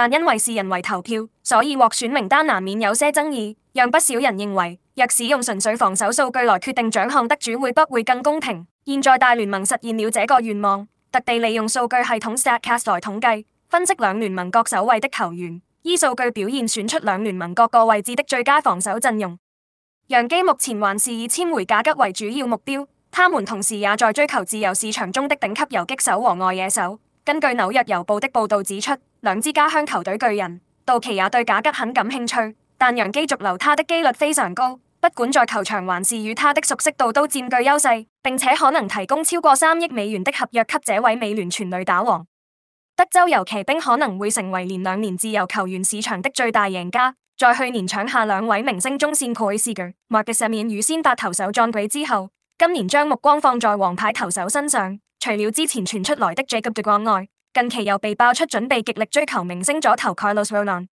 但因為是人為投票，所以獲選名單難免有些爭議，讓不少人認為若使用純粹防守數據來決定獎項得主，會不會更公平？現在大聯盟實現了這個願望，特地利用數據系統 Statcast 來統計、分析兩聯盟各守衛的球員，依數據表現選出兩聯盟各個位置的最佳防守陣容。洋基目前還是以簽回賈吉為主要目標，他們同時也在追求自由市場中的頂級游擊手和外野手。根據紐約郵報的報道指出，兩支家鄉球隊巨人、道奇也對賈吉很感興趣，但洋基續留他的機率非常高。不管在球場還是與他的熟悉度都佔據優勢，並且可能提供超過三億美元的合約給這位美聯全壘打王。德州遊騎兵可能會成為連兩年自由球員市場的最大贏家，在去年搶下兩位明星中線巨士巨麥嘅上免與先發投手撞鬼之後，今年將目光放在王牌投手身上。除了之前傳出來的賈吉外，近期又被爆出準備極力追求明星左投卡洛斯·倫東。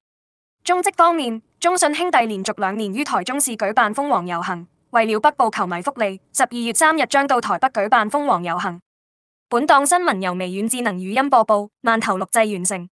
中職方面，中信兄弟連續兩年於台中市舉辦封王遊行，為了北部球迷福利，十二月三日將到台北舉辦封王遊行。本檔新聞由微軟智能語音播報，萬頭錄製完成。